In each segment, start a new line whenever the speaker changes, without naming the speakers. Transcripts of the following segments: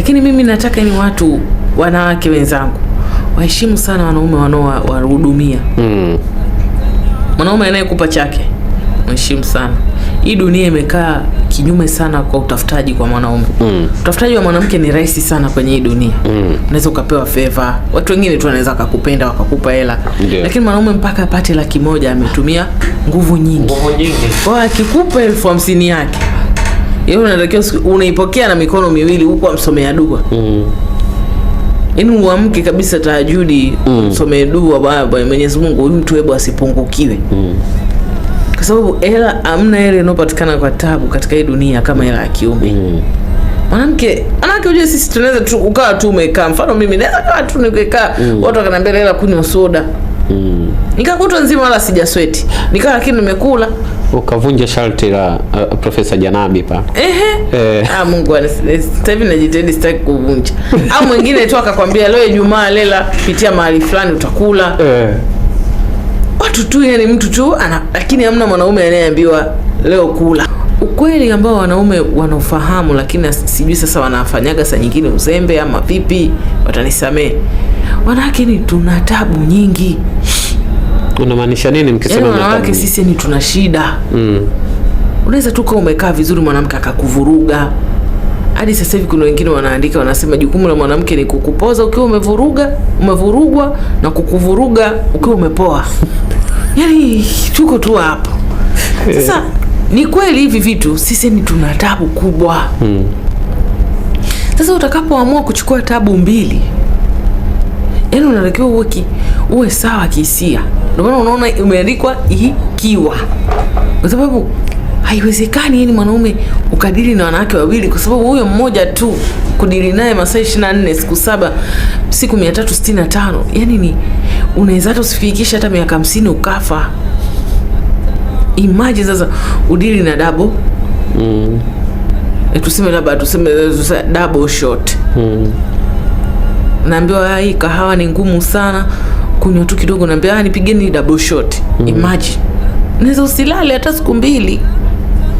Lakini mimi nataka ni watu wanawake wenzangu waheshimu sana wanaume wanaowahudumia. Mm. Mwanaume anayekupa chake mheshimu sana. Hii dunia imekaa kinyume sana kwa utafutaji kwa mwanaume. Mm. Utafutaji wa mwanamke ni rahisi sana kwenye hii dunia. Mm. ukapewa favor. Watu wengine tu wanaweza wakakupenda wakakupa hela. Yeah. Lakini mwanaume mpaka apate laki moja ametumia nguvu nyingi. Nguvu nyingi. Kwa akikupa elfu hamsini yake Yaani unatakiwa unaipokea na mikono miwili huku amsomea dua. Mm. Yaani uamke kabisa tahajudi, mm. msomee dua Baba Mwenyezi Mungu, huyu mtu hebu asipungukiwe. Mm. Kwa sababu hela amna hela inayopatikana kwa tabu katika hii dunia kama hela ya kiume. Mm. Mwanamke, mwanamke unajua sisi tunaweza tu ukawa tu umekaa. Mfano mimi naweza kaa tu nikikaa, mm. watu wakanambia hela kunywa soda. Mm nikakutwa nzima wala sijasweti, nikawa lakini nimekula
ukavunja sharti la uh, Profesa Janabi pa
ehe, eh. ah, Mungu eh, sasa hivi najitahidi sitaki kuvunja au mwingine tu akakwambia leo Ijumaa lela pitia mahali fulani utakula ehe. Watu tu yani, mtu tu ana, lakini hamna mwanaume anayeambiwa leo kula. Ukweli ambao wanaume wanaofahamu, lakini sijui sasa wanafanyaga saa nyingine uzembe ama vipi, watanisamee. Wanawake ni tuna tabu nyingi
unamaanisha nini mkisema
yani wanawake sisi ni tuna shida mm. Unaweza tu kuwa umekaa vizuri, mwanamke akakuvuruga. Hadi sasa hivi kuna wengine wanaandika wanasema, jukumu la mwanamke ni kukupoza ukiwa umevuruga, umevurugwa na kukuvuruga ukiwa umepoa. Yani tuko tu hapo sasa. Ni kweli hivi vitu, sisi ni tuna tabu kubwa mm. Sasa utakapoamua kuchukua tabu mbili, yaani unatakiwa uwe, uwe sawa kihisia. Ndio maana unaona imeandikwa ikiwa, kwa sababu haiwezekani yani mwanaume ukadili na wanawake wawili, kwa sababu huyo mmoja tu kudili naye masaa 24 siku saba siku 365 yani ni unaweza hata usifikisha hata miaka hamsini ukafa. Imagine sasa udili na dabo mm. E, tuseme labda tuseme double shot mm. Naambiwa hii kahawa ni ngumu sana kunywa tu kidogo, naambia ah, nipigeni double shot mm. Imagine naweza usilale hata siku mbili,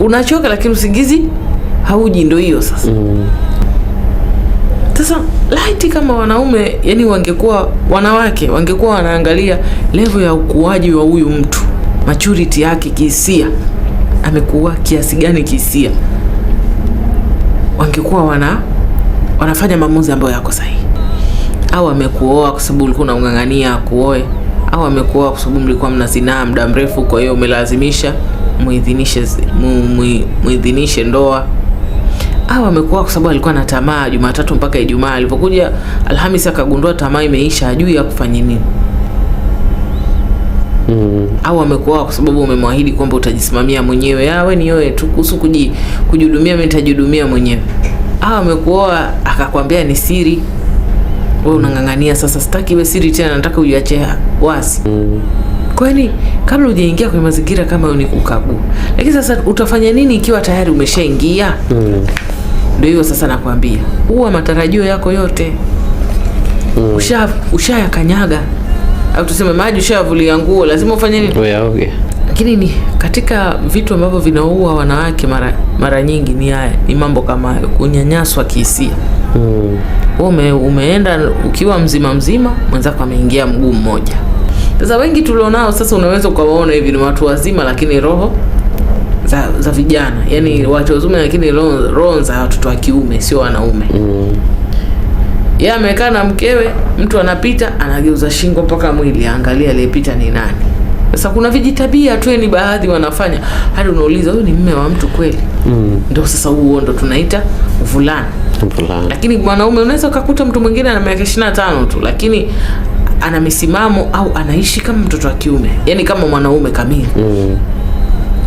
unachoka lakini usingizi hauji. Ndio hiyo sasa mm. Sasa laiti kama wanaume yani, wangekuwa wanawake wangekuwa wanaangalia level ya ukuaji wa huyu mtu, maturity yake kihisia, amekuwa kiasi gani kihisia, wangekuwa wana wanafanya maamuzi ambayo yako sahihi au amekuoa kwa sababu ulikuwa unamng'ang'ania akuoe, au amekuoa kwa sababu mlikuwa mnazinaa muda mrefu, kwa hiyo umelazimisha muidhinishe muidhinishe ndoa au amekuoa kwa sababu alikuwa na tamaa Jumatatu mpaka Ijumaa, alipokuja Alhamisi akagundua tamaa imeisha, ajui ya kufanya nini. Mm. Au amekuwa kwa sababu umemwahidi kwamba utajisimamia mwenyewe, ah, wewe nioe tu, kuhusu kujihudumia mimi nitajihudumia mwenyewe. Au amekuoa akakwambia ni siri, wewe unang'ang'ania sasa, sitaki iwe siri tena, nataka uiache wazi mm. Kwani kabla hujaingia kwenye mazingira kama hiyo ni kukabu. lakini sasa utafanya nini ikiwa tayari umeshaingia? mm. hiyo sasa, nakwambia huwa matarajio yako yote mm. usha ushayakanyaga, au tuseme maji ushayavulia nguo, lazima ufanye nini? Uyaoge. Lakini ni katika vitu ambavyo vinaua wanawake mara, mara nyingi ni haya ni mambo kama hayo, kunyanyaswa kihisia mm. Ume, umeenda ukiwa mzima mzima, mwenzako ameingia mguu mmoja. Sasa wengi tulionao sasa, unaweza ukawaona hivi ni watu wazima, lakini roho za, za vijana yani hmm. watu wazima, lakini roho, roho za watoto wa kiume, sio wanaume mm. Yeye amekaa na mkewe, mtu anapita anageuza shingo mpaka mwili, angalia aliyepita ni nani. Sasa kuna vijitabia tu ni yaani baadhi wanafanya hadi unauliza huyu ni mme wa mtu kweli? Mm. Ndio sasa huo ndo tunaita uvulana. Vulana. Lakini mwanaume unaweza ukakuta mtu mwingine ana miaka 25 tu lakini ana misimamo au anaishi kama mtoto wa kiume, yaani kama mwanaume kamili. Mm.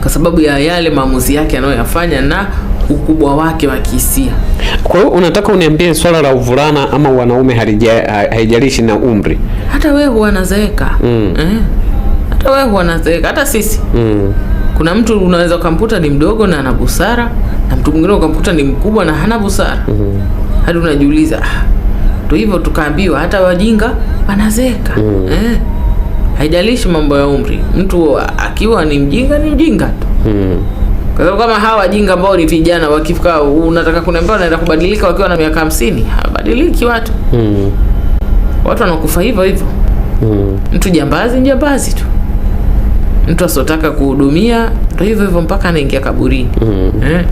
Kwa sababu ya yale maamuzi yake anayoyafanya na ukubwa wake wa kihisia.
Kwa hiyo unataka uniambie swala la uvulana ama wanaume haijalishi na umri,
hata wewe huwa Mm. Eh hata wewe huwa hata sisi mm. Kuna mtu unaweza ukamkuta ni mdogo na ana busara na mtu mwingine ukamkuta ni mkubwa na hana busara
mm -hmm.
Hadi unajiuliza ah, ndo hivyo, tukaambiwa hata wajinga wanazeeka
mm. Eh,
haijalishi mambo ya umri, mtu akiwa ni mjinga ni mjinga tu mm. Kwa kama hawa wajinga ambao ni vijana wakifika, unataka kuniambia wanaenda kubadilika wakiwa na miaka hamsini? Hawabadiliki watu mm. Watu wanakufa hivyo hivyo mm. Mtu jambazi, jambazi tu mtu asiotaka kuhudumia ndo hivyo hivyo mpaka anaingia kaburini mm. eh?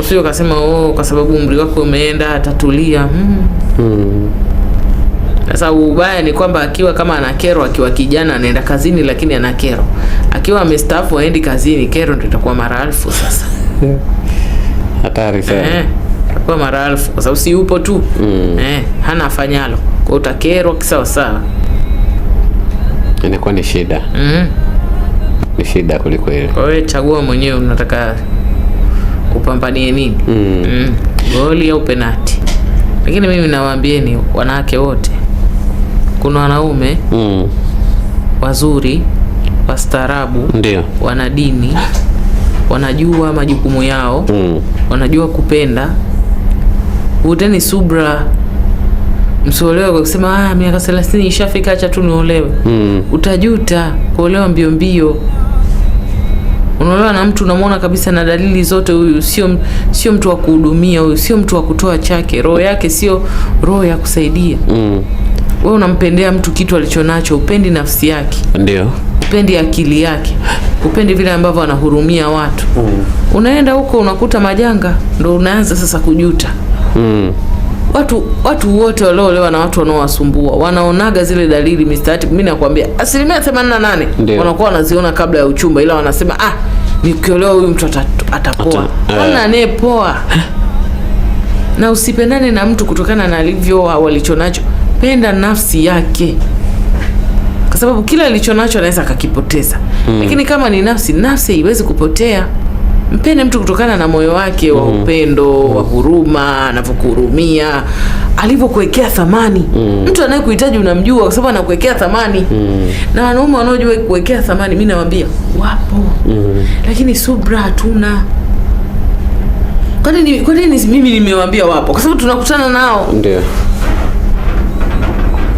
Usio kasema oh, kwa sababu umri wako umeenda atatulia. mm. mm. Sasa ubaya ni kwamba akiwa kama ana kero, akiwa kijana anaenda kazini, lakini ana kero. Akiwa amestaafu aendi kazini, kero ndio itakuwa mara alfu. Sasa
hatari sana
eh, itakuwa mara alfu kwa sababu si yupo tu mm. eh, hana afanyalo, kwa utakerwa kisawasawa
inakuwa ni shida mm. Ni shida kuliko ile.
Kwa hiyo chagua mwenyewe unataka kupambanie nini?
mm. Mm.
Goli au penati. Lakini mimi nawaambieni wanawake wote, kuna wanaume mm. wazuri, wastaarabu, ndio wana dini, wanajua majukumu yao mm. wanajua kupenda. Uteni subra msiolewe kwa kusema ah, miaka 30 ishafika, acha tu niolewe. mm. Utajuta kuolewa mbio mbio. Unaolewa na mtu unamwona kabisa na dalili zote, huyu sio sio mtu wa kuhudumia, huyu sio mtu wa kutoa chake, roho yake sio roho ya kusaidia. mm. Wewe unampendea mtu kitu alichonacho, upendi nafsi yake, ndio upendi akili yake, upendi vile ambavyo anahurumia watu. mm. Unaenda huko unakuta majanga, ndo unaanza sasa kujuta. mm watu watu wote walioolewa na watu wanaowasumbua wanaonaga zile dalili mistati. Mimi nakwambia asilimia themanini na nane wanakuwa wanaziona kabla ya uchumba, ila wanasema ah, nikiolewa huyu mtu atapoa. Eh. Hamna anayepoa. Na usipendane na mtu kutokana na alivyo walichonacho, penda nafsi yake, kwa sababu kila alichonacho anaweza akakipoteza. Hmm. Lakini kama ni nafsi, nafsi haiwezi kupotea mpende mtu kutokana na moyo wake wa mm. upendo mm. wa huruma, anavyokuhurumia, alivyokuwekea thamani mm. mtu anayekuhitaji unamjua, kwa sababu anakuwekea thamani mm. na wanaume wanaojua kuwekea thamani, mi nawaambia wapo mm. lakini subra hatuna. kwanini Kwa nini mimi nimewaambia wapo? Kwa sababu tunakutana nao, ndio.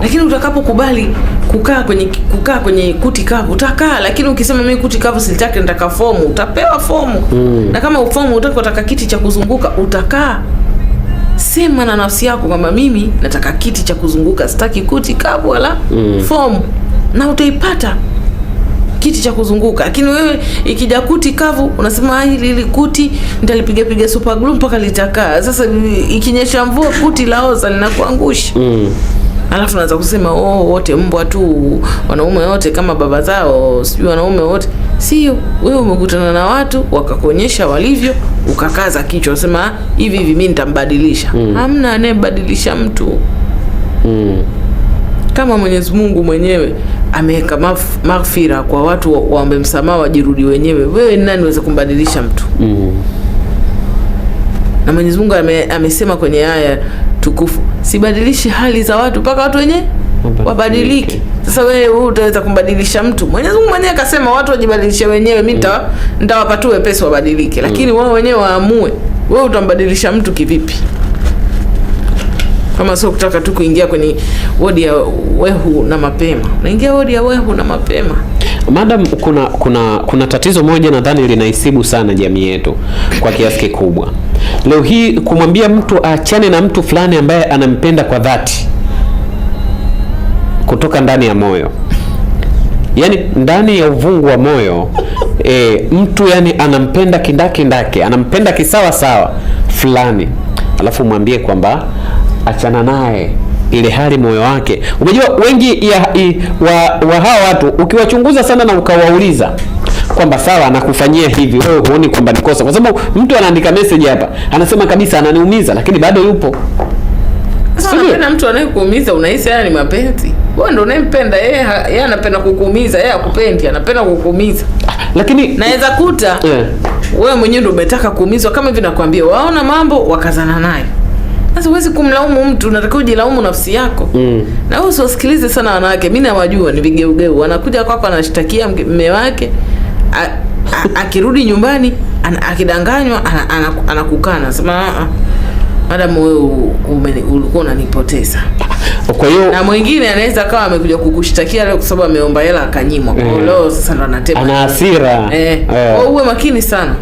Lakini utakapokubali kukaa kwenye kukaa kwenye kuti kavu utakaa, lakini ukisema mimi kuti kavu sitaki, nataka fomu, utapewa fomu mm. na kama ufomu utaki, utaka kiti cha kuzunguka utakaa. Sema na nafsi yako kwamba mimi nataka kiti cha kuzunguka, sitaki kuti kavu wala mm. fomu, na utaipata kiti cha kuzunguka. Lakini wewe ikija kuti kavu unasema hili hili kuti nitalipiga piga super glue mpaka litakaa. Sasa ikinyesha mvua kuti laoza linakuangusha mm alafu naanza kusema oh, wote mbwa tu, wanaume wote kama baba zao, sijui wanaume wote. Sio wewe, umekutana na watu wakakuonyesha walivyo, ukakaza kichwa sema hivi hivi, mimi nitambadilisha. Mm. Hamna anayebadilisha mtu. Mm. Kama Mwenyezi Mungu mwenyewe ameweka maghfira kwa watu waombe msamaha, wajirudi wenyewe, wewe nani uweze kumbadilisha mtu? Mm. Na Mwenyezi Mungu ame, amesema kwenye aya tukufu, sibadilishi hali za watu mpaka watu wenyewe wabadilike. Sasa wewe wewe utaweza kumbadilisha mtu? Mwenyezi Mungu mwenyewe akasema watu wajibadilishe wenyewe, mimi mm. nitawapa wepesi wabadilike, mm. lakini wao wenyewe waamue. Wewe utambadilisha mtu kivipi? Kama sio kutaka tu kuingia kwenye wodi ya wehu na mapema, naingia wodi ya wehu na mapema.
Madam, kuna kuna kuna tatizo moja nadhani linahisibu sana jamii yetu kwa kiasi kikubwa Leo hii kumwambia mtu aachane na mtu fulani ambaye anampenda kwa dhati kutoka ndani ya moyo, yaani ndani ya uvungu wa moyo e, mtu yani anampenda kindaki ndake, anampenda kisawa sawa fulani, alafu mwambie kwamba achana naye ile hali moyo wake. Umejua wengi ya, i, wa, wa hawa watu ukiwachunguza sana na ukawauliza kwamba sawa nakufanyia hivi, wewe huoni kwamba ni kosa? Kwa sababu mtu anaandika message hapa anasema kabisa ananiumiza, lakini bado yupo.
Sasa unapenda mtu anayekuumiza, unahisi haya ni mapenzi? Wewe ndio unayempenda yeye, yeye anapenda kukuumiza, yeye akupendi, anapenda kukuumiza. Lakini naweza kuta yeah. Wewe mwenyewe ndio umetaka kuumizwa, kama hivi nakwambia, waona mambo wakazana naye sasa huwezi kumlaumu mtu, unatakiwa ujilaumu nafsi yako mm. Na wewe usiwasikilize sana wanawake, mimi nawajua ni vigeugeu, wanakuja kwako kwa, wanashtakia mume wake akirudi nyumbani ana, akidanganywa anakukana ana, ana sema ah, ah, madam wewe ulikuwa unanipoteza. Kwa hiyo na mwingine anaweza kawa amekuja kukushtakia leo kwa sababu ameomba hela akanyimwa. Kwa hiyo eh. leo sasa ndo anatema.
Ana hasira.
Eh. Yeah. Uwe makini sana.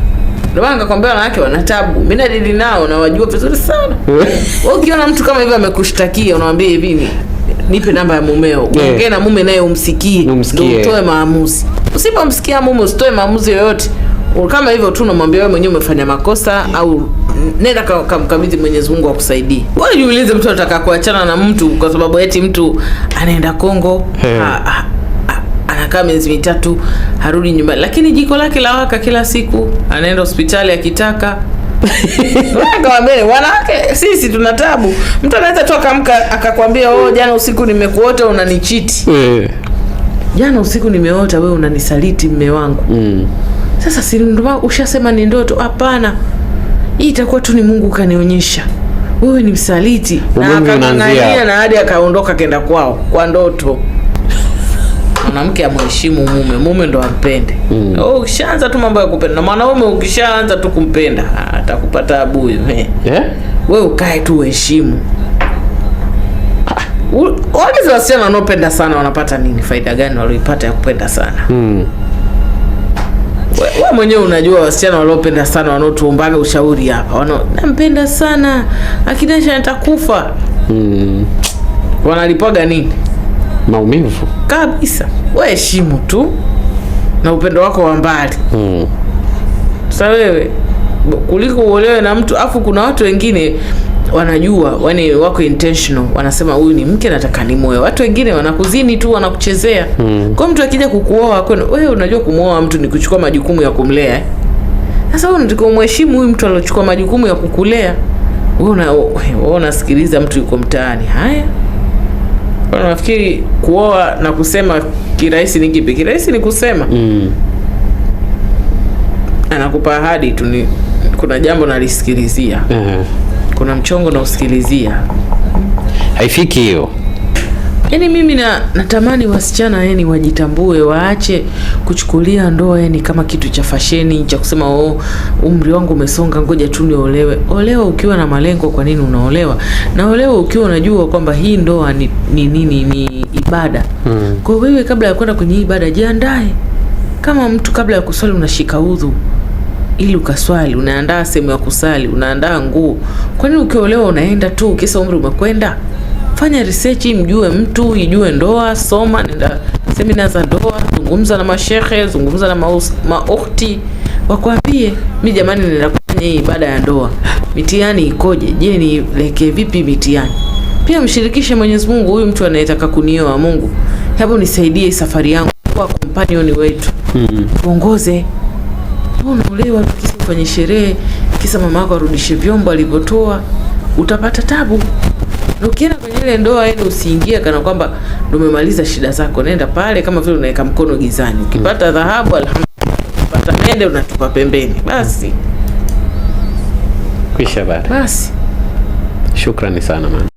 Ndio maana nikakwambia wanawake wana tabu. Mimi nadili nao na wajua vizuri sana. Eh. Wewe ukiona mtu kama hivyo amekushtakia unamwambia hivi nipe namba ya mumeo. Eh. Ongea yeah. na mume naye umsikie. Ndio utoe maamuzi. Usipomsikia mume usitoe maamuzi yoyote kama hivyo tu, unamwambia wewe mwenyewe umefanya makosa, au nenda kamkabidhi Mwenyezi Mungu akusaidie. Wewe jiulize, mtu anataka kuachana na mtu kwa sababu eti mtu anaenda Kongo anakaa miezi mitatu harudi nyumbani, lakini jiko lake la waka kila siku, anaenda hospitali akitaka Kawambele, wanawake sisi tuna tabu. Mtu anaweza tu akamka akakwambia, oh, jana usiku nimekuota unanichiti jana usiku nimeota wewe unanisaliti mme wangu mm. Sasa si ndio ushasema ni ndoto? Hapana, hii itakuwa tu ni Mungu kanionyesha wewe ni msaliti, na na hadi akaondoka kenda kwao kwa ndoto. Mwanamke amheshimu mume, mume ndo ampende. mm. Oh, ukishaanza tu mambo ya kupenda na mwanaume, ukishaanza tu kumpenda atakupata abuyu. Eh? Wewe ukae tu uheshimu waulize wasichana wanaopenda sana wanapata nini, faida gani walioipata ya kupenda sana mm. Wewe mwenyewe unajua wasichana waliopenda sana wanaotuombaga ushauri hapa, wana nampenda sana akinaisha nitakufa mm. wanalipaga nini? Maumivu kabisa. Waheshimu tu na upendo wako wa mbali mm. Sasa wewe kuliko uolewe na mtu afu kuna watu wengine wanajua yani wako intentional, wanasema huyu ni mke nataka nimoe. Watu wengine wanakuzini tu, wanakuchezea mm. Kwa mtu akija kukuoa wewe, unajua kumwoa mtu ni kuchukua majukumu ya kumlea eh? Sasa wewe unataka umheshimu huyu mtu aliochukua majukumu ya kukulea wewe, una wewe unasikiliza mtu yuko mtaani. Haya, wewe unafikiri kuoa na kusema kirahisi ni kipi? Kirahisi ni kusema mm. Anakupa ahadi tu, ni kuna jambo nalisikilizia mm -hmm kuna mchongo na usikilizia,
haifiki hiyo.
Yaani mimi na, natamani wasichana yani wajitambue, waache kuchukulia ndoa yani kama kitu cha fasheni cha kusema oh, umri wangu umesonga, ngoja tu niolewe. Olewa ukiwa na malengo. Kwa nini unaolewa? Na olewa ukiwa unajua kwamba hii ndoa ni nini, ni, ni ibada hmm. Kwa wewe kabla ya kwenda kwenye ibada jiandae kama mtu kabla ya kuswali unashika udhu ili ukaswali, unaandaa sehemu ya kusali, unaandaa nguo. Kwa nini ukiolewa unaenda tu kisa umri umekwenda? Fanya research, mjue mtu, ijue ndoa, soma, nenda semina za ndoa, zungumza na mashehe, zungumza na maokti wakwambie, mi jamani, nenda kufanya hii ibada ya ndoa, mitihani ikoje? Je, nielekee vipi mitihani? Pia mshirikishe Mwenyezi Mungu, huyu mtu anayetaka kunioa, Mungu hebu nisaidie safari yangu, kwa companion wetu, mm -hmm. tuongoze unaolewa kwenye sherehe, kisa mama yako arudishe vyombo alivyotoa, utapata tabu. Na ukienda kwenye ile ndoa ile yaani usiingie kana kwamba ndo umemaliza shida zako. Nenda pale kama vile unaweka mkono gizani. Ukipata dhahabu alhamdulillah, ukipata mende unatupa pembeni. Basi. Kwisha habari. Basi.
Shukrani sana mama.